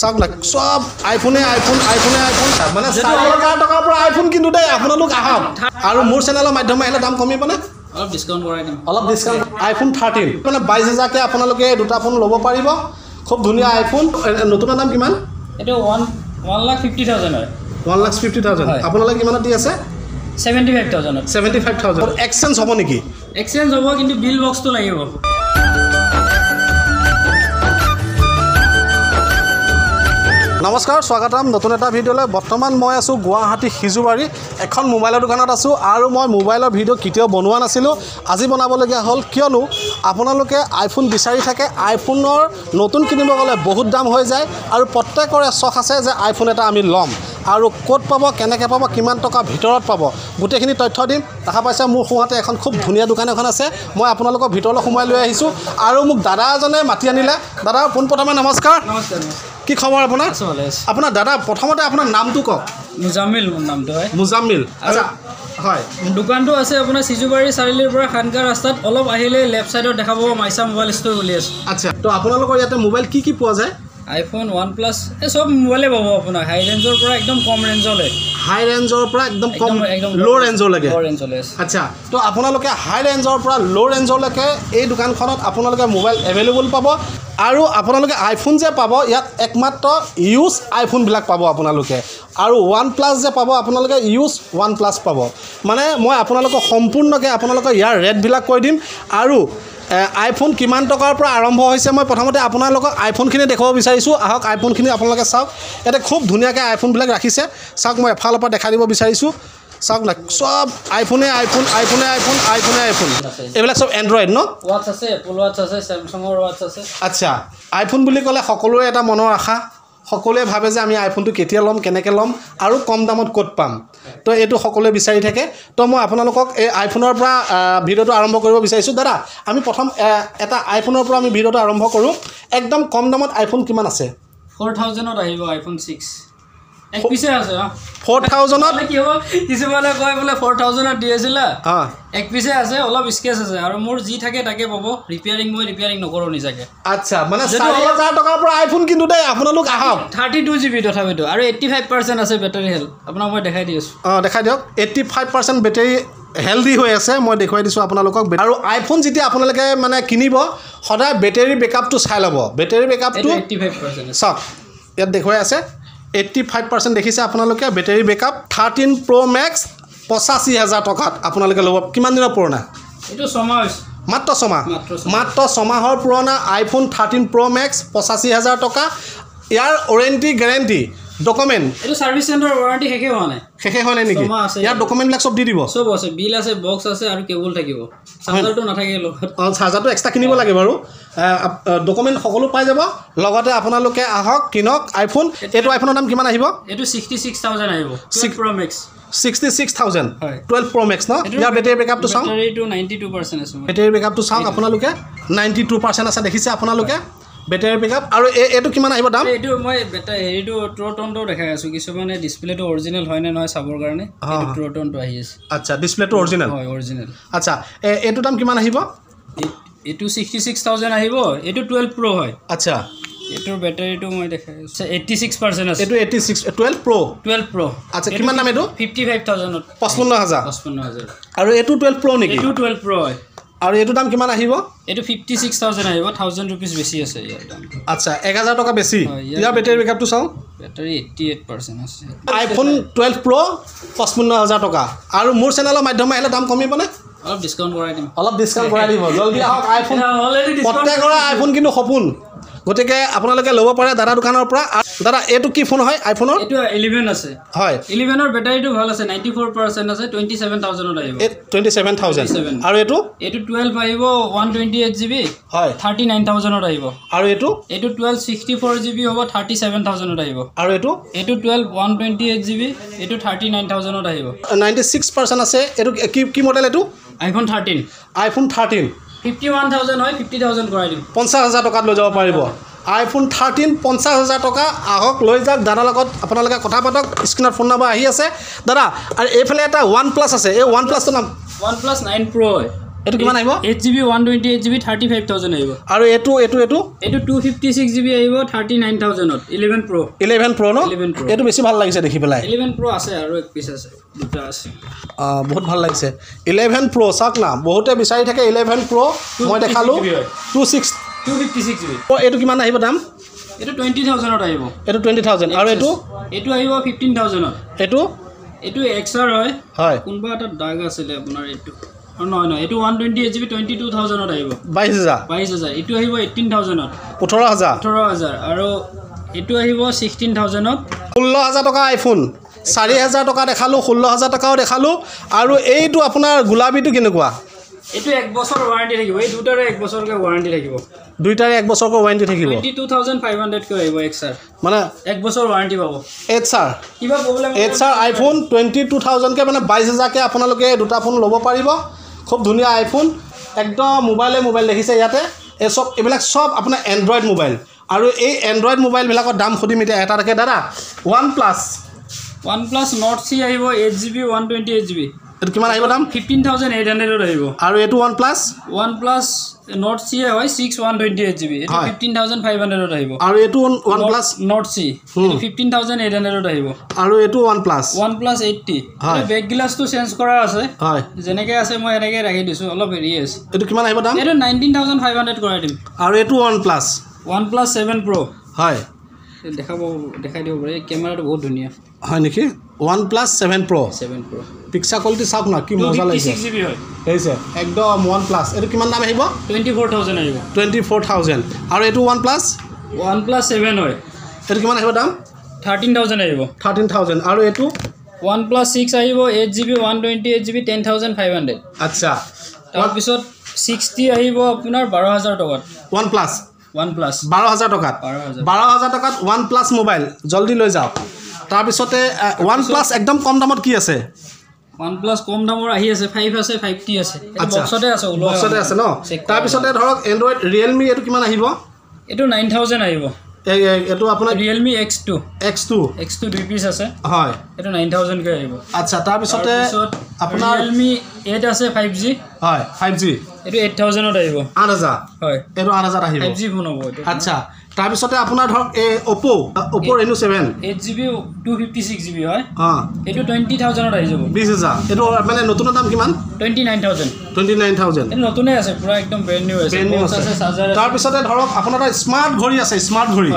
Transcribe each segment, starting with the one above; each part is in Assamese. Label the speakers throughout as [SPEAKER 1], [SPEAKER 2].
[SPEAKER 1] চাওক লাগ চব আইফোনে আইফোন আইফোনে আইফোন মানে চাৰি হাজাৰ টকাৰ পৰা আইফোন কিন্তু দেই আপোনালোক আহক আৰু মোৰ চেনেলৰ মাধ্যমে আহিলে দাম কমিবনে
[SPEAKER 2] অলপ ডিছকাউণ্ট কৰাই দিম
[SPEAKER 1] অলপ ডিছকাউণ্ট আইফোন থাৰ্টিন মানে বাইছ হাজাৰকৈ আপোনালোকে দুটা ফোন ল'ব পাৰিব খুব ধুনীয়া আইফোন নতুন দাম কিমান
[SPEAKER 2] এইটো one one lakh fifty thousand হয় ওৱান লাখ ফিফটি থাউজেণ্ড
[SPEAKER 1] আপোনালোকে কিমানত দি আছে seventy five thousand seventy five thousand exchange হ'ব নেকি
[SPEAKER 2] এক্সেঞ্জ হ'ব কিন্তু বিল বক্সটো লাগিব
[SPEAKER 1] নমস্কাৰ স্বাগতম নতুন এটা ভিডিঅ'লৈ বৰ্তমান মই আছোঁ গুৱাহাটী সিজুবাৰী এখন মোবাইলৰ দোকানত আছোঁ আৰু মই মোবাইলৰ ভিডিঅ' কেতিয়াও বনোৱা নাছিলোঁ আজি বনাবলগীয়া হ'ল কিয়নো আপোনালোকে আইফোন বিচাৰি থাকে আইফোনৰ নতুন কিনিব গ'লে বহুত দাম হৈ যায় আৰু প্ৰত্যেকৰে চখ আছে যে আইফোন এটা আমি ল'ম আৰু ক'ত পাব কেনেকৈ পাব কিমান টকা ভিতৰত পাব গোটেইখিনি তথ্য দিম দেখা পাইছে মোৰ সোঁহাতে এখন খুব ধুনীয়া দোকান এখন আছে মই আপোনালোকৰ ভিতৰলৈ সোমাই লৈ আহিছোঁ আৰু মোক দাদা এজনে মাতি আনিলে দাদা পোনপ্ৰথমে নমস্কাৰ কি খবৰ আপোনাৰ আপোনাৰ দাদা প্ৰথমতে আপোনাৰ নামটো কওক মুজামিল মোৰ নামটো হয় মুজামিল
[SPEAKER 2] হয় দোকানটো আছে আপোনাৰ চিজুবাৰী চাৰিআলিৰ পৰা খানকা ৰাস্তাত অলপ আহিলে লেফ্ট ছাইডত দেখা পাব মাইচা মোবাইল ষ্ট'ৰ বুলি আছে আচ্ছা ত' আপোনালোকৰ ইয়াতে মোবাইল কি কি পোৱা যায় আইফোন ওৱান প্লাছ এই চব মোবাইলে পাব আপোনাৰ হাই ৰেঞ্জৰ পৰা একদম কম ৰেঞ্জলৈ হাই ৰেঞ্জৰ পৰা একদম কম ল' ৰেঞ্জলৈকে আচ্ছা
[SPEAKER 1] তো আপোনালোকে হাই ৰেঞ্জৰ পৰা ল' ৰেঞ্জলৈকে এই দোকানখনত আপোনালোকে মোবাইল এভেইলেবল পাব আৰু আপোনালোকে আইফোন যে পাব ইয়াত একমাত্ৰ ইউজ আইফোনবিলাক পাব আপোনালোকে আৰু ওৱান প্লাছ যে পাব আপোনালোকে ইউজ ওৱান প্লাছ পাব মানে মই আপোনালোকক সম্পূৰ্ণকৈ আপোনালোকৰ ইয়াৰ ৰেটবিলাক কৈ দিম আৰু আইফোন কিমান টকাৰ পৰা আৰম্ভ হৈছে মই প্ৰথমতে আপোনালোকক আইফোনখিনি দেখুৱাব বিচাৰিছোঁ আহক আইফোনখিনি আপোনালোকে চাওক ইয়াতে খুব ধুনীয়াকৈ আইফোনবিলাক ৰাখিছে চাওক মই এফালৰ পৰা দেখা দিব বিচাৰিছোঁ চাওক না সব আইফোনে আইফোন আইফোনে আইফোন আইফোনে আইফোন এইবিলাক সব এন্ড্রয়েড ন ওয়াচ
[SPEAKER 2] আছে অ্যাপল ওয়াচ আছে স্যামসাং ওয়াচ আছে
[SPEAKER 1] আচ্ছা আইফোন বলি কলে সকলোৰে এটা মনৰ আশা সকলোৱে ভাবে যে আমি আইফোনটো কেতিয়া ল'ম কেনেকৈ ল'ম আৰু কম দামত ক'ত পাম তো এইটো সকলোৱে বিচাৰি থাকে তো মই আপোনালোকক এই আইফোনৰ পৰা ভিডিঅ'টো আৰম্ভ কৰিব বিচাৰিছোঁ দাদা আমি প্ৰথম এটা আইফোনৰ পৰা আমি ভিডিঅ'টো আৰম্ভ কৰোঁ একদম কম দামত আইফোন কিমান আছে
[SPEAKER 2] ফ'ৰ থাউজেণ্ডত আহিব আইফোন ছিক্স একপিছে আছে ফ'ৰ থাউজেণ্ডত কি হ'ব কিছুমানে কয় বোলে ফ'ৰ থাউজেণ্ডত দি আছিলে অঁ একপিছে আছে অলপ স্কেচ আছে আৰু মোৰ যি থাকে তাকে পাব ৰিপেয়াৰিং মই ৰিপেয়াৰিং নকৰোঁ নিজাকে
[SPEAKER 1] আচ্ছা মানে চাৰি হাজাৰ টকাৰ পৰা আইফোন কিন্তু দেই আপোনালোক আহক
[SPEAKER 2] থাৰ্টি টু জি বি তথাপিতো আৰু এইটি ফাইভ পাৰ্চেণ্ট আছে বেটাৰী হেল্থ আপোনাক মই দেখাই দি আছোঁ
[SPEAKER 1] অঁ দেখাই দিয়ক eighty five percent battery healthy হৈ আছে মই দেখুৱাই দিছোঁ আপোনালোকক আৰু আইফোন যেতিয়া আপোনালোকে মানে কিনিব সদায় বেটেৰী বেকআপটো চাই ল'ব বেটেৰী বেকআপটো এইটি ফাইভ পাৰ্চেণ্ট চাওক ইয়াত দেখুৱাই আছে এইট্টি ফাইভ পাৰ্চেণ্ট দেখিছে আপোনালোকে battery backup thirteen pro' max পঁচাশী হেজাৰ টকাত আপোনালোকে ল'ব কিমান দিনৰ পুৰণা এইটো ছমাহ মাত্ৰ ছমাহ মাত্ৰ ছমাহৰ পুৰণা আইফোন থাৰ্টিন প্ৰ' মেক্স পঁচাশী হেজাৰ টকা ইয়াৰ ৱাৰেণ্টি গেৰেণ্টি ডকুমেণ্ট এইটো ছাৰ্ভিচ চেণ্টাৰ ৱাৰেণ্টি শেষে হোৱা নাই শেষে হোৱা নাই নেকি ইয়াৰ ডকুমেণ্টবিলাক চব দি দিব চব আছে
[SPEAKER 2] বিল আছে বক্স আছে আৰু কেবল থাকিব
[SPEAKER 1] চাৰ্জাৰটো নাথাকে লগত অঁ চাৰ্জাৰটো এক্সট্ৰা কিনিব লাগে বাৰু ডকুমেণ্ট সকলো পাই যাব লগতে আপোনালোকে আহক কিনক আইফোন এইটো আইফোনৰ দাম কিমান আহিব এইটো ছিক্সটি আহিব six pro' max sixty six thousand max ন ইয়াৰ বেটেৰী বেকআপটো চাওঁ
[SPEAKER 2] বেটেৰীটো নাইণ্টি টু পাৰ্চেণ্ট আছে
[SPEAKER 1] বেটেৰী বেকআপটো চাওক আপোনালোকে নাইণ্টি টু পাৰ্চেণ্ট আছে দেখিছে আপোনালোকে বেটাৰী পিক আপ আৰু এইটো কিমান আহিব দাম এইটো
[SPEAKER 2] মই বেটাৰী হেৰিটো ট্ৰটনটো দেখাই আছোঁ কিছুমানে ডিছপ্লেটো অৰিজিনেল হয় নে নহয় চাবৰ কাৰণে
[SPEAKER 1] ট্ৰটনটো আহি আছে আচ্ছা ডিছপ্লেটো অৰিজিনেল হয় অৰিজিনেল আচ্ছা এইটো দাম কিমান আহিব
[SPEAKER 2] এইটো ছিক্সটি ছিক্স থাউজেণ্ড আহিব এইটো টুৱেল্ভ প্ৰ' হয় আচ্ছা এইটোৰ বেটাৰীটো মই দেখাই
[SPEAKER 1] এইটি ছিক্স পাৰ্চেণ্ট আছে এইটো eighty six twelve pro' twelve pro' আচ্ছা কিমান দাম এইটো ফিফটি ফাইভ থাউজেণ্ডত পঁচপন্ন হাজাৰ পঁচপন্ন হাজাৰ আৰু এইটো টুৱেল্ভ প্ৰ' নেকি এইটো টুৱেল্ভ প্ৰ' হয় আৰু এইটো দাম কিমান আহিব
[SPEAKER 2] এইটো ফিফটি ছিক্স থাউজেণ্ড আহিব থাউজেণ্ড ৰুপিজ বেছি আছে ইয়াৰ দাম
[SPEAKER 1] আচ্ছা এক হাজাৰ টকা বেছি ইয়াৰ বেটেৰী বেকআপটো চাওঁ
[SPEAKER 2] বেটাৰী এইটি এইট পাৰ্চেণ্ট আছে
[SPEAKER 1] আইফোন টুৱেলভ প্ৰ' পঁচপন্ন হাজাৰ টকা আৰু মোৰ চেনেলৰ মাধ্যমে আহিলে দাম কমিবনে
[SPEAKER 2] অলপ ডিছকাউণ্ট কৰাই দিম অলপ ডিছকাউণ্ট কৰাই দিব জলদি আহক আইফোন প্ৰত্যেকৰে আইফোন
[SPEAKER 1] কিন্তু সপোন গতিকে আপোনালোকে ল'ব পাৰে দাদা দোকানৰ পৰা দাদা এইটো কি ফোন হয় আইফোনৰ এইটো ইলেভেন আছে হয়
[SPEAKER 2] ইলেভেনৰ বেটাৰীটো ভাল আছে নাইণ্টি ফ'ৰ পাৰ্চেণ্ট আছে টুৱেণ্টি ছেভেন থাউজেণ্ডত আহিব
[SPEAKER 1] টুৱেণ্টি ছেভেন থাউজেণ্ড ছেভেন আৰু এইটো
[SPEAKER 2] এইটো টুৱেল্ভ আহিব ওৱান টুৱেণ্টি এইট জিবি হয় থাৰ্টি নাইন থাউজেণ্ডত আহিব আৰু এইটো এইটো টুৱেল্ভ ছিক্সটি ফ'ৰ জিবি হ'ব থাৰ্টি চেভেন থাউজেণ্ডত আহিব আৰু এইটো এইটো twelve one twenty eight GB এইটো থাৰ্টি নাইন থাউজেণ্ডত আহিব
[SPEAKER 1] নাইণ্টি ছিক্স পাৰ্চেণ্ট আছে এইটো কি কি মডেল এইটো iPhone thirteen iPhone thirteen
[SPEAKER 2] fifty one thousand হয় ফিফটি থাউজেণ্ড কৰাই দিওঁ
[SPEAKER 1] পঞ্চাছ হাজাৰ টকাত লৈ যাব পাৰিব আইফোন থাৰ্টিন পঞ্চাছ হাজাৰ টকা আহক লৈ যাওক দাদাৰ লগত আপোনালোকে কথা পাতক স্ক্ৰীণত ফোন নাম্বাৰ আহি আছে দাদা আৰু এইফালে এটা ওৱান প্লাছ আছে এই ওৱান প্লাছটো নাম ওৱান প্লাছ নাইন প্ৰ'
[SPEAKER 2] এইটো কিমান আহিব eight G B one twenty eight G B thirty five thousand আহিব আৰু এইটো এইটো এইটো এইটো two fifty six G B আহিব থাৰ্টি নাইন থাউজেণ্ডত ইলেভেন
[SPEAKER 1] প্ৰ' ইলেভেন প্ৰ' ন ইলেভেন প্ৰ' এইটো বেছি ভাল লাগিছে দেখি পেলাই ইলেভেন
[SPEAKER 2] প্ৰ' আছে আৰু এক পিছ আছে দুটা আছে
[SPEAKER 1] অঁ বহুত ভাল লাগিছে ইলেভেন প্ৰ' চাওক না বহুতে বিচাৰি থাকে ইলেভেন প্ৰ' মই দেখালোঁ টু ছিক্স টু ফিফটি এইটো কিমান আহিব দাম এইটো টুৱেণ্টি থাউজেণ্ডত আহিব এইটো টুৱেণ্টি থাউজেণ্ড আৰু এইটো
[SPEAKER 2] এইটো আহিব ফিফটিন থাউজেণ্ডত এইটো এইটো এক্স হয় হয় কোনোবা এটা দাগ আছিলে আপোনাৰ এইটো নহয় নহয় এইটো one twenty eight G B twenty two থাউজেণ্ডত আহিব বাইছ হাজাৰ বাইছ হাজাৰ এইটো আহিব এইটিন থাউজেণ্ডত
[SPEAKER 1] ওঠৰ হাজাৰ ওঠৰ
[SPEAKER 2] হাজাৰ আৰু এইটো আহিব ছিক্সটিন থাউজেণ্ডত
[SPEAKER 1] ষোল্ল হাজাৰ টকা আইফোন চাৰি হাজাৰ টকা দেখালোঁ ষোল্ল হাজাৰ টকাও দেখালোঁ আৰু এইটো আপোনাৰ গোলাপীটো কেনেকুৱা
[SPEAKER 2] এইটো এক বছৰ ৱাৰেণ্টি থাকিব এই দুটাৰে এক বছৰকৈ ৱাৰেণ্টি থাকিব
[SPEAKER 1] দুইটাৰে এক বছৰকৈ ৱাৰেণ্টি থাকিব টুৱেণ্টি
[SPEAKER 2] টু থাউজেণ্ড ফাইভ হাণ্ড্ৰেডকৈ আহিব এক ছাৰ মানে এক বছৰ ৱাৰেণ্টি পাব
[SPEAKER 1] এইট ছাৰ কিবা প্ৰব্লেম এইট ছাৰ আইফোন টুৱেণ্টি টু থাউজেণ্ডকৈ মানে বাইছ হাজাৰকৈ আপোনালোকে দুটা ফোন ল'ব পাৰিব খুব ধুনীয়া আইফোন একদম মোবাইলে মোবাইল দেখিছে ইয়াতে এই চব এইবিলাক চব আপোনাৰ এণ্ড্ৰইড মোবাইল আৰু এই এণ্ড্ৰইড মোবাইলবিলাকৰ দাম সুধিম এতিয়া এটা থাকে দাদা OnePlus
[SPEAKER 2] OnePlus Nord C আহিব eight G one twenty eight G এইটো কিমান আহিব দাম ফিফটিন থাউজেণ্ড এইট হাণ্ড্ৰেডত আহিব আৰু এইটো OnePlus OnePlus Nord চিয়ে হয় six one twenty eight G B এইটো ফিফটিন থাউজেণ্ড ফাইভ হাণ্ড্ৰেডত আহিব আৰু এইটো OnePlus Nord C fifteen thousand eight হাণ্ড্ৰেডত আহিব আৰু এইটো OnePlus OnePlus eight T হয় বেক গিলাছটো চেঞ্জ কৰা আছে হয় যেনেকৈ আছে মই এনেকৈ ৰাখি দিছোঁ অলপ হেৰি আছে এইটো কিমান আহিব দাম এইটো নাইনটিন থাউজেণ্ড ফাইভ হাণ্ড্ৰেড কৰাই দিম আৰু এইটো OnePlus OnePlus seven pro' হয় দেখাব
[SPEAKER 1] দেখাই দিব পাৰি কেমেৰাটো বহুত ধুনীয়া হয় নেকি OnePlus seven pro' seven pro' picture quality চাওক ন কি মজা লাগিছে হৈছে একদম ওৱান প্লাছ এইটো কিমান দাম আহিব টুৱেণ্টি ফ'ৰ থাউজেণ্ড আহিব টুৱেণ্টি ফ'ৰ থাউজেণ্ড আৰু এইটো OnePlus OnePlus seven হয় এইটো কিমান
[SPEAKER 2] আহিব দাম থাৰ্টিন থাউজেণ্ড আহিব থাৰ্টিন থাউজেণ্ড আৰু এইটো ওৱান প্লাছ ছিক্স আহিব eight G B one twenty eight G B ten thousand five hundred আচ্ছা তাৰপিছত ছিক্সটি আহিব আপোনাৰ
[SPEAKER 1] বাৰ হাজাৰ টকাত ওৱান প্লাছ ওৱান প্লাছ বাৰ হাজাৰ টকাত বাৰ হাজাৰ টকাত ওৱান প্লাছ মোবাইল জল্দি লৈ যাওক তাৰপিছতে ওৱান প্লাছ একদম কম দামত কি আছে
[SPEAKER 2] ওৱান প্লাছ কম দামৰ আহি আছে ফাইভ আছে ফাইভ টি আছে আচ্ছা আছে আছে ন তাৰপিছতে ধৰক এণ্ড্ৰইড ৰিয়েলমি এইটো কিমান আহিব এইটো নাইন থাউজেণ্ড আহিব এইটো আপোনাৰ Realme X two X two X two দুই পিচ আছে হয় এইটো নাইন থাউজেণ্ডকৈ আহিব আচ্ছা তাৰপিছতে আপোনাৰ ৰিয়েলমি এইট আছে ফাইভ জি হয় ফাইভ জি এইটো এইট থাউজেণ্ডত আহিব আঠ হাজাৰ হয় এইটো আঠ হাজাৰত আহিব ফাইভ জি ফোন হ'ব এইটো আচ্ছা তাৰপিছতে আপোনাৰ ধৰক এই Oppo' Oppo' Reno seven eight G হয় অঁ এইটো টুৱেণ্টি আহি যাব বিছ হাজাৰ
[SPEAKER 1] মানে নতুনৰ দাম কিমান টুৱেণ্টি নাইন থাউজেণ্ড নতুনে আছে পূৰা একদম ব্ৰেণ্ড নিউ আছে ব্ৰেণ্ড নিউ আছে চাৰ্জাৰ তাৰপিছতে ধৰক আপোনাৰ এটা ঘড়ী আছে স্মাৰ্ট ঘড়ী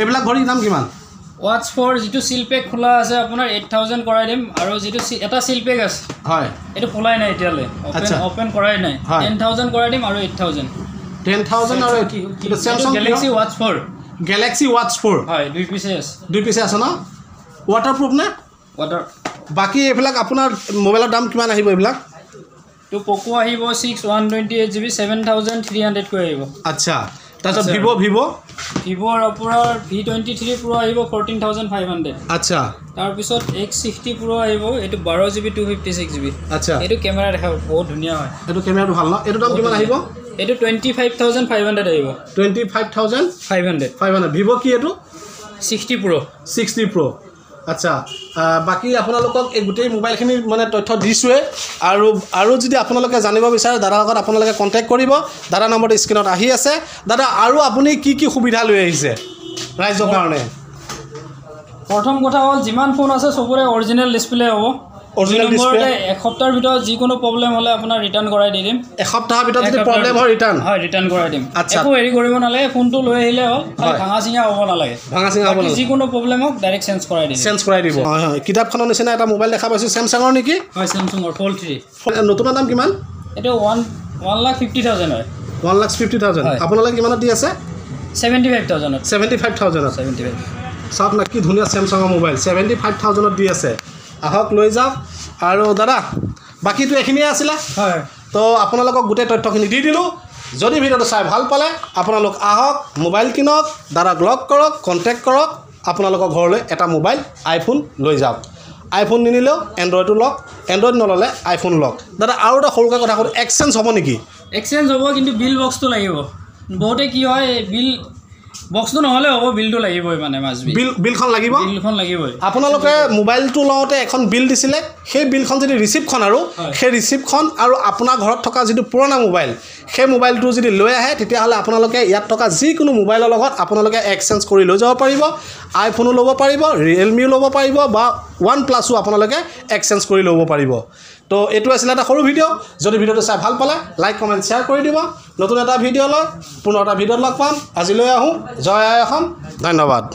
[SPEAKER 1] এইবিলাক ঘড়ীৰ দাম কিমান
[SPEAKER 2] ৱাচ ফৰ যিটো চিল খোলা আছে আপোনাৰ এইট থাউজেণ্ড কৰাই দিম আৰু যিটো এটা চিল আছে হয় এইটো খোলাই নাই এতিয়ালৈ অপেন কৰাই নাই টেন থাউজেণ্ড কৰাই দিম আৰু এইট থাউজেণ্ড
[SPEAKER 1] টেন থাউজেণ্ড আৰু কিন্তু Samsung Galaxy ৱাটছ four Galaxy ৱাটছ four হয় দুই পিছে আছে দুই পিছে আছে ন ৱাটাৰ প্ৰুফ নে ৱাটাৰ বাকী এইবিলাক আপোনাৰ মোবাইলৰ দাম কিমান আহিব এইবিলাক
[SPEAKER 2] তো পকো আহিব six one twenty eight GB seven thousand three হাণ্ড্ৰেডকৈ আহিব
[SPEAKER 1] আচ্ছা তাৰপিছত ভিভ' ভিভ'
[SPEAKER 2] ভিভ'ৰ আপোনাৰ ভি টুৱেণ্টি থ্ৰী প্ৰ' আহিব ফৰ্টিন থাউজেণ্ড ফাইভ হাণ্ড্ৰেড আচ্ছা তাৰপিছত এক্স ছিক্সটি প্ৰ' আহিব এইটো বাৰ GB two fifty six GB আচ্ছা এইটো কেমেৰা দেখাব বহুত ধুনীয়া হয় এইটো কেমেৰাটো ভাল ন এইটো দাম কিমান আহিব এইটো twenty
[SPEAKER 1] five thousand five hundred আহিব twenty five thousand five hundred five hundred Vivo' কি এইটো ছিক্সটি প্ৰ' ছিক্সটি প্ৰ' আচ্ছা বাকী আপোনালোকক এই গোটেই মোবাইলখিনি মানে তথ্য দিছোঁৱে আৰু আৰু যদি আপোনালোকে জানিব বিচাৰে দাদাৰ লগত আপোনালোকে কণ্টেক্ট কৰিব দাদাৰ নম্বৰটো স্ক্ৰীণত আহি আছে দাদা আৰু আপুনি কি কি সুবিধা লৈ আহিছে ৰাইজৰ কাৰণে প্ৰথম কথা হ'ল যিমান ফোন আছে চবৰে অৰিজিনেল ডিছপ্লে হ'ব নম্বৰতে
[SPEAKER 2] এসপ্তাহৰ ভিতৰত যিকোনো প্ৰব্লেম হ'লে আপোনাৰ ৰিটাৰ্ণ কৰাই দি দিম এসপ্তাহৰ ভিতৰত যদি প্ৰব্লেম হয় ৰিটাৰ্ণ হয়
[SPEAKER 1] ৰিটাৰ্ণ কৰাই দিম আচ্ছা একো
[SPEAKER 2] হেৰি কৰিব নালাগে ফোনটো লৈ আহিলে হ'ল ভাঙা চিঙা হ'ব নালাগে ভাঙা চিঙা হ'ব যিকোনো প্ৰব্লেম হওক ডাইৰেক্ট চেঞ্জ কৰাই দিম চেঞ্জ
[SPEAKER 1] কৰাই দিব হয় হয় কিতাপখনৰ নিচিনা এটা মোবাইল দেখা পাইছোঁ ছেমছাঙৰ নেকি হয় ছেমছাঙৰ ফ'ল্ড থ্ৰী নতুন দাম কিমান এইটো one one lakh fifty thousand হয় ওৱান লাখ ফিফটি থাউজেণ্ড আপোনালোকে কিমানত দি আছে ছেভেণ্টি ফাইভ থাউজেণ্ডত ছেভেণ্টি ফাইভ থাউজেণ্ডত ছেভেণ্টি ফাইভ চাওক না কি ধুনীয়া ছেমছাঙৰ মোবাইল ছেভেণ্টি ফাইভ থাউজেণ্ডত দি আছে আহক লৈ যাওক আৰু দাদা বাকীটো এইখিনিয়ে আছিলে হয় তো আপোনালোকক গোটেই তথ্যখিনি দি দিলোঁ যদি ভিডিঅ'টো চাই ভাল পালে আপোনালোক আহক মোবাইল কিনক দাদাক লগ কৰক কণ্টেক্ট কৰক আপোনালোকৰ ঘৰলৈ এটা মোবাইল আইফোন লৈ যাওক আইফোন নিনিলেও এণ্ড্ৰইডো লওক এণ্ড্ৰইড নল'লে আইফোন লওক দাদা আৰু এটা সৰুকৈ কথা সোধোঁ এক্সেঞ্জ হ'ব নেকি
[SPEAKER 2] এক্সেঞ্জ হ'ব কিন্তু বিল বক্সটো লাগিব বহুতে কি হয় বিল বক্সটো নহ'লে হ'ব বিলটো লাগিবই মানে বিলখন লাগিব বিলখন লাগিবই
[SPEAKER 1] আপোনালোকে মোবাইলটো লওঁতে এখন বিল দিছিলে সেই বিলখন যদি ৰিচিপ্টখন আৰু সেই ৰিচিপ্টখন আৰু আপোনাৰ ঘৰত থকা যিটো পুৰণা মোবাইল সেই মোবাইলটো যদি লৈ আহে তেতিয়াহ'লে আপোনালোকে ইয়াত থকা যিকোনো মোবাইলৰ লগত আপোনালোকে এক্সেঞ্জ কৰি লৈ যাব পাৰিব আইফোনো ল'ব পাৰিব ৰিয়েলমিও ল'ব পাৰিব বা ওৱান প্লাছো আপোনালোকে এক্সেঞ্জ কৰি ল'ব পাৰিব তো এইটো আছিলে এটা সৰু ভিডিঅ' যদি ভিডিঅ'টো চাই ভাল পালে লাইক কমেণ্ট শ্বেয়াৰ কৰি দিব নতুন এটা ভিডিঅ' লগ পুনৰ এটা ভিডিঅ'ত লগ পাম আজিলৈ আহোঁ জয় আই অসম ধন্যবাদ